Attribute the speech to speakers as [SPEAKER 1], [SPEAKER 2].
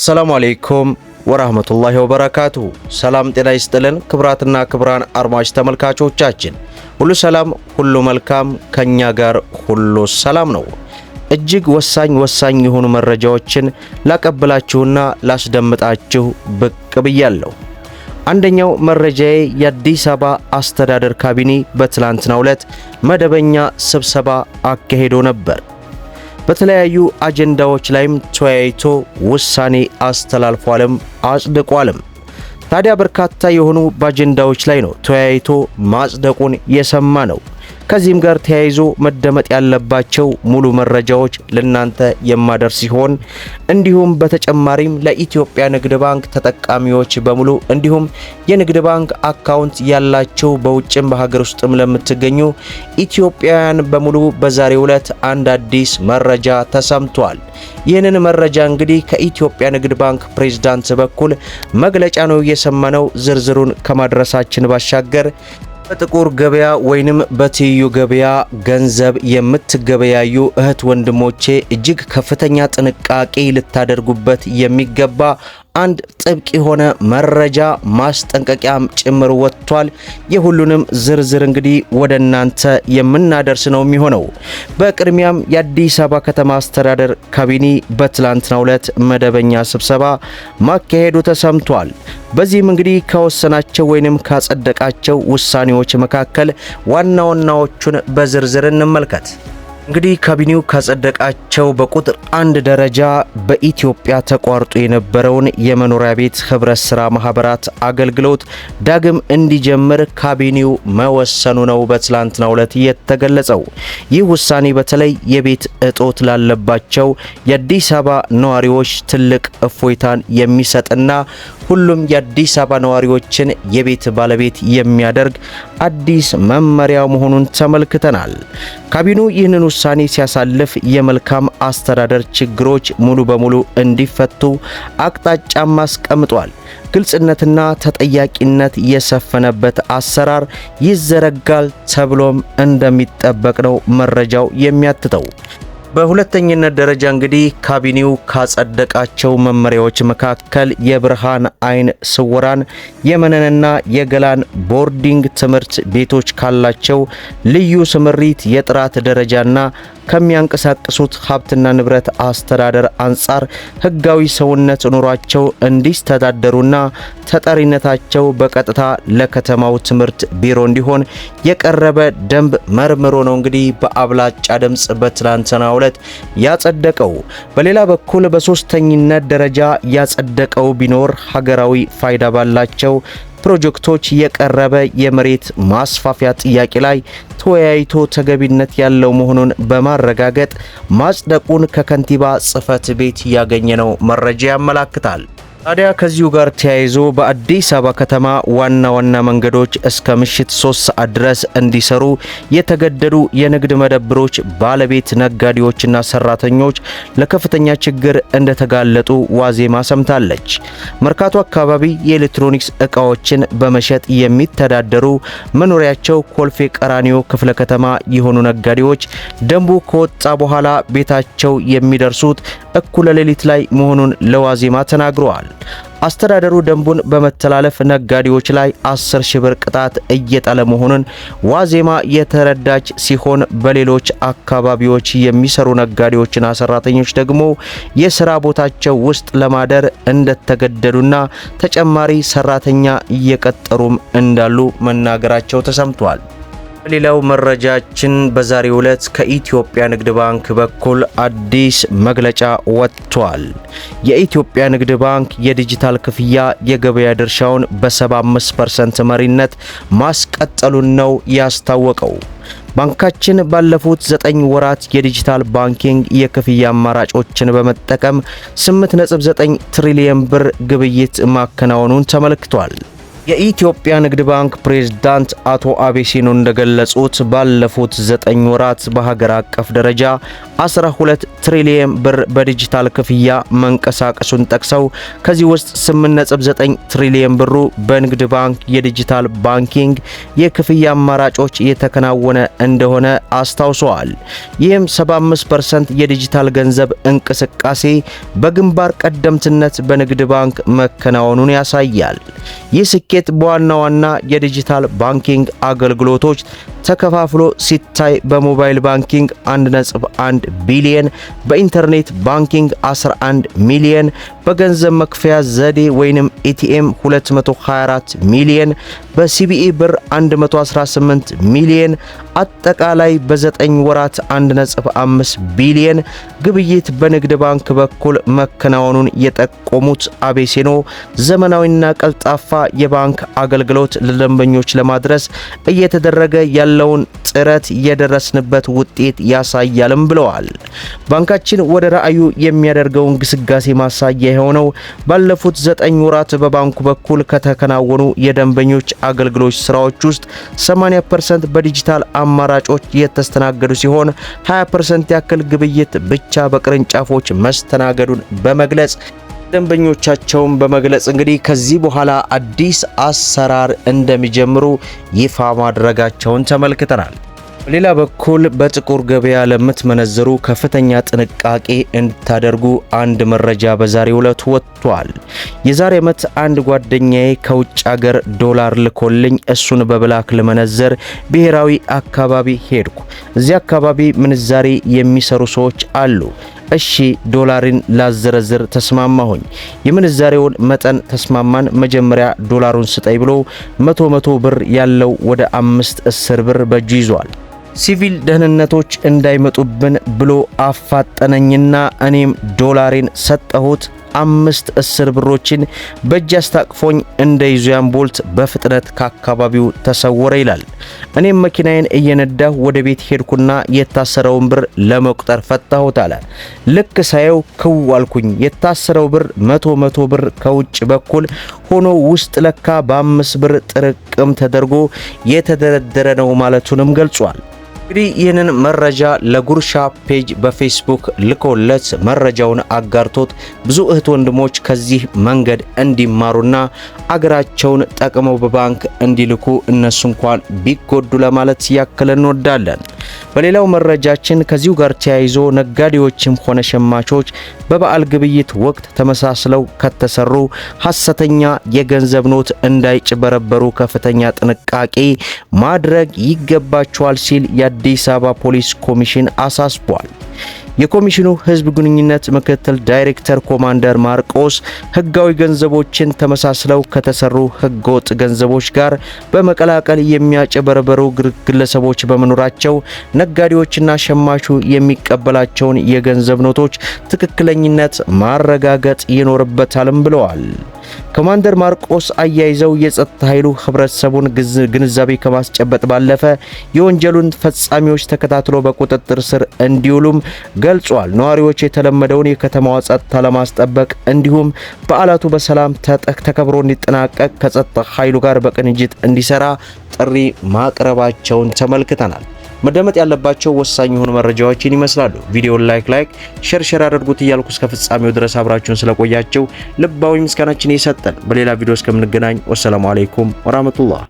[SPEAKER 1] አሰላሙ አሌይኩም ወራህመቱላሂ ወበረካቱሁ። ሰላም ጤና ይስጥልን። ክብራትና ክብራን አድማጭ ተመልካቾቻችን ሁሉ ሰላም፣ ሁሉ መልካም፣ ከኛ ጋር ሁሉ ሰላም ነው። እጅግ ወሳኝ ወሳኝ የሆኑ መረጃዎችን ላቀብላችሁና ላስደምጣችሁ ብቅ ብያለሁ። አንደኛው መረጃዬ የአዲስ አበባ አስተዳደር ካቢኔ በትላንትናው ዕለት መደበኛ ስብሰባ አካሄዶ ነበር። በተለያዩ አጀንዳዎች ላይም ተወያይቶ ውሳኔ አስተላልፏልም አጽድቋልም። ታዲያ በርካታ የሆኑ በአጀንዳዎች ላይ ነው ተወያይቶ ማጽደቁን የሰማ ነው። ከዚህም ጋር ተያይዞ መደመጥ ያለባቸው ሙሉ መረጃዎች ለናንተ የማደርስ ሲሆን እንዲሁም በተጨማሪም ለኢትዮጵያ ንግድ ባንክ ተጠቃሚዎች በሙሉ እንዲሁም የንግድ ባንክ አካውንት ያላቸው በውጭም በሀገር ውስጥም ለምትገኙ ኢትዮጵያውያን በሙሉ በዛሬው ዕለት አንድ አዲስ መረጃ ተሰምቷል። ይህንን መረጃ እንግዲህ ከኢትዮጵያ ንግድ ባንክ ፕሬዝዳንት በኩል መግለጫ ነው የሰማነው። ዝርዝሩን ከማድረሳችን ባሻገር በጥቁር ገበያ ወይንም በትይዩ ገበያ ገንዘብ የምትገበያዩ እህት ወንድሞቼ እጅግ ከፍተኛ ጥንቃቄ ልታደርጉበት የሚገባ አንድ ጥብቅ የሆነ መረጃ ማስጠንቀቂያም ጭምር ወጥቷል። የሁሉንም ዝርዝር እንግዲህ ወደ እናንተ የምናደርስ ነው የሚሆነው። በቅድሚያም የአዲስ አበባ ከተማ አስተዳደር ካቢኔ በትላንትናው ዕለት መደበኛ ስብሰባ ማካሄዱ ተሰምቷል። በዚህም እንግዲህ ከወሰናቸው ወይንም ካጸደቃቸው ውሳኔዎች መካከል ዋና ዋናዎቹን በዝርዝር እንመልከት። እንግዲህ ካቢኔው ካጸደቃቸው በቁጥር አንድ ደረጃ በኢትዮጵያ ተቋርጦ የነበረውን የመኖሪያ ቤት ህብረት ስራ ማህበራት አገልግሎት ዳግም እንዲጀምር ካቢኔው መወሰኑ ነው በትላንትናው ዕለት የተገለጸው። ይህ ውሳኔ በተለይ የቤት እጦት ላለባቸው የአዲስ አበባ ነዋሪዎች ትልቅ እፎይታን የሚሰጥና ሁሉም የአዲስ አበባ ነዋሪዎችን የቤት ባለቤት የሚያደርግ አዲስ መመሪያ መሆኑን ተመልክተናል። ካቢኔው ይህንን ውሳኔ ሲያሳልፍ የመልካም አስተዳደር ችግሮች ሙሉ በሙሉ እንዲፈቱ አቅጣጫም አስቀምጧል። ግልጽነትና ተጠያቂነት የሰፈነበት አሰራር ይዘረጋል ተብሎም እንደሚጠበቅ ነው መረጃው የሚያትተው። በሁለተኝነት ደረጃ እንግዲህ ካቢኔው ካጸደቃቸው መመሪያዎች መካከል የብርሃን አይን ስውራን የመነንና የገላን ቦርዲንግ ትምህርት ቤቶች ካላቸው ልዩ ስምሪት የጥራት ደረጃና ከሚያንቀሳቅሱት ሀብትና ንብረት አስተዳደር አንጻር ሕጋዊ ሰውነት ኑሯቸው እንዲስተዳደሩና ተጠሪነታቸው በቀጥታ ለከተማው ትምህርት ቢሮ እንዲሆን የቀረበ ደንብ መርምሮ ነው እንግዲህ በአብላጫ ድምፅ በትላንትናው ዕለት ያጸደቀው። በሌላ በኩል በሶስተኝነት ደረጃ ያጸደቀው ቢኖር ሀገራዊ ፋይዳ ባላቸው ፕሮጀክቶች የቀረበ የመሬት ማስፋፊያ ጥያቄ ላይ ተወያይቶ ተገቢነት ያለው መሆኑን በማረጋገጥ ማጽደቁን ከከንቲባ ጽሕፈት ቤት ያገኘነው መረጃ ያመላክታል። ታዲያ ከዚሁ ጋር ተያይዞ በአዲስ አበባ ከተማ ዋና ዋና መንገዶች እስከ ምሽት 3 ሰዓት ድረስ እንዲሰሩ የተገደዱ የንግድ መደብሮች ባለቤት ነጋዴዎችና ሰራተኞች ለከፍተኛ ችግር እንደተጋለጡ ዋዜማ ሰምታለች። መርካቶ አካባቢ የኤሌክትሮኒክስ እቃዎችን በመሸጥ የሚተዳደሩ መኖሪያቸው ኮልፌ ቀራኒዮ ክፍለ ከተማ የሆኑ ነጋዴዎች ደንቡ ከወጣ በኋላ ቤታቸው የሚደርሱት እኩለ ሌሊት ላይ መሆኑን ለዋዜማ ተናግረዋል። አስተዳደሩ ደንቡን በመተላለፍ ነጋዴዎች ላይ 10 ሺህ ብር ቅጣት እየጣለ መሆኑን ዋዜማ የተረዳች ሲሆን በሌሎች አካባቢዎች የሚሰሩ ነጋዴዎችና ሰራተኞች ደግሞ የስራ ቦታቸው ውስጥ ለማደር እንደተገደዱና ተጨማሪ ሰራተኛ እየቀጠሩም እንዳሉ መናገራቸው ተሰምቷል። ሌላው መረጃችን በዛሬው ዕለት ከኢትዮጵያ ንግድ ባንክ በኩል አዲስ መግለጫ ወጥቷል። የኢትዮጵያ ንግድ ባንክ የዲጂታል ክፍያ የገበያ ድርሻውን በ75% መሪነት ማስቀጠሉን ነው ያስታወቀው። ባንካችን ባለፉት ዘጠኝ ወራት የዲጂታል ባንኪንግ የክፍያ አማራጮችን በመጠቀም 8.9 ትሪሊየን ብር ግብይት ማከናወኑን ተመልክቷል። የኢትዮጵያ ንግድ ባንክ ፕሬዝዳንት አቶ አቤሲኖ እንደገለጹት ባለፉት ዘጠኝ ወራት በሀገር አቀፍ ደረጃ 12 ትሪሊየን ብር በዲጂታል ክፍያ መንቀሳቀሱን ጠቅሰው ከዚህ ውስጥ 8.9 ትሪሊየን ብሩ በንግድ ባንክ የዲጂታል ባንኪንግ የክፍያ አማራጮች የተከናወነ እንደሆነ አስታውሰዋል። ይህም 75% የዲጂታል ገንዘብ እንቅስቃሴ በግንባር ቀደምትነት በንግድ ባንክ መከናወኑን ያሳያል። ይህ ስኬት በዋና ዋና የዲጂታል ባንኪንግ አገልግሎቶች ተከፋፍሎ ሲታይ በሞባይል ባንኪንግ 1.1 ቢሊየን፣ በኢንተርኔት ባንኪንግ 11 ሚሊየን፣ በገንዘብ መክፈያ ዘዴ ወይንም ኤቲኤም 224 ሚሊየን፣ በሲቢኢ ብር 118 ሚሊየን፣ አጠቃላይ በ9 ወራት 1.5 ቢሊየን ግብይት በንግድ ባንክ በኩል መከናወኑን የጠቆሙት አቤሴኖ ዘመናዊና ቀልጣፋ የባንክ አገልግሎት ለደንበኞች ለማድረስ እየተደረገ ያለ ያለውን ጥረት የደረስንበት ውጤት ያሳያልም ብለዋል። ባንካችን ወደ ራዕዩ የሚያደርገውን ግስጋሴ ማሳያ የሆነው ባለፉት ዘጠኝ ወራት በባንኩ በኩል ከተከናወኑ የደንበኞች አገልግሎት ስራዎች ውስጥ 80% በዲጂታል አማራጮች የተስተናገዱ ሲሆን 20% ያክል ግብይት ብቻ በቅርንጫፎች መስተናገዱን በመግለጽ ደንበኞቻቸውን በመግለጽ እንግዲህ ከዚህ በኋላ አዲስ አሰራር እንደሚጀምሩ ይፋ ማድረጋቸውን ተመልክተናል። በሌላ በኩል በጥቁር ገበያ ለምትመነዝሩ ከፍተኛ ጥንቃቄ እንድታደርጉ አንድ መረጃ በዛሬ ዕለት ወጥቷል። የዛሬ ዓመት አንድ ጓደኛዬ ከውጭ አገር ዶላር ልኮልኝ እሱን በብላክ ለመነዘር ብሔራዊ አካባቢ ሄድኩ። እዚህ አካባቢ ምንዛሬ የሚሰሩ ሰዎች አሉ። እሺ ዶላሪን ላዘረዝር ተስማማሁኝ። የምንዛሬውን መጠን ተስማማን። መጀመሪያ ዶላሩን ስጠኝ ብሎ መቶ መቶ ብር ያለው ወደ አምስት እስር ብር በእጁ ይዟል። ሲቪል ደህንነቶች እንዳይመጡብን ብሎ አፋጠነኝና እኔም ዶላሬን ሰጠሁት። አምስት እስር ብሮችን በእጅ አስታቅፎኝ እንደ ዩዜን ቦልት በፍጥነት ከአካባቢው ተሰወረ ይላል። እኔም መኪናዬን እየነዳሁ ወደ ቤት ሄድኩና የታሰረውን ብር ለመቁጠር ፈታሁት አለ። ልክ ሳየው ክው አልኩኝ። የታሰረው ብር መቶ መቶ ብር ከውጭ በኩል ሆኖ ውስጥ ለካ በአምስት ብር ጥርቅም ተደርጎ የተደረደረ ነው ማለቱንም ገልጿል። እንግዲህ ይህንን መረጃ ለጉርሻ ፔጅ በፌስቡክ ልኮለት መረጃውን አጋርቶት ብዙ እህት ወንድሞች ከዚህ መንገድ እንዲማሩና አገራቸውን ጠቅመው በባንክ እንዲልኩ እነሱ እንኳን ቢጎዱ ለማለት ያክል እንወዳለን። በሌላው መረጃችን ከዚሁ ጋር ተያይዞ ነጋዴዎችም ሆነ ሸማቾች በበዓል ግብይት ወቅት ተመሳስለው ከተሰሩ ሐሰተኛ የገንዘብ ኖት እንዳይጭበረበሩ ከፍተኛ ጥንቃቄ ማድረግ ይገባቸዋል ሲል የአዲስ አበባ ፖሊስ ኮሚሽን አሳስቧል። የኮሚሽኑ ህዝብ ግንኙነት ምክትል ዳይሬክተር ኮማንደር ማርቆስ ህጋዊ ገንዘቦችን ተመሳስለው ከተሰሩ ህገወጥ ገንዘቦች ጋር በመቀላቀል የሚያጨበረበሩ ግለሰቦች በመኖራቸው ነጋዴዎችና ሸማቹ የሚቀበላቸውን የገንዘብ ኖቶች ትክክለኝነት ማረጋገጥ ይኖርበታልም ብለዋል። ኮማንደር ማርቆስ አያይዘው የጸጥታ ኃይሉ ህብረተሰቡን ግንዛቤ ከማስጨበጥ ባለፈ የወንጀሉን ፈጻሚዎች ተከታትሎ በቁጥጥር ስር እንዲውሉም ገልጿል። ነዋሪዎች የተለመደውን የከተማዋ ጸጥታ ለማስጠበቅ እንዲሁም በዓላቱ በሰላም ተከብሮ እንዲጠናቀቅ ከጸጥታ ኃይሉ ጋር በቅንጅት እንዲሰራ ጥሪ ማቅረባቸውን ተመልክተናል። መደመጥ ያለባቸው ወሳኝ የሆኑ መረጃዎችን ይመስላሉ። ቪዲዮውን ላይክ ላይክ ሼር ሼር አድርጉት እያልኩ እስከ ፍጻሜው ድረስ አብራችሁን ስለቆያችሁ ልባዊ ምስጋናችን የሰጠን። በሌላ ቪዲዮ እስከምንገናኝ ወሰላሙ አሌይኩም ወራህመቱላህ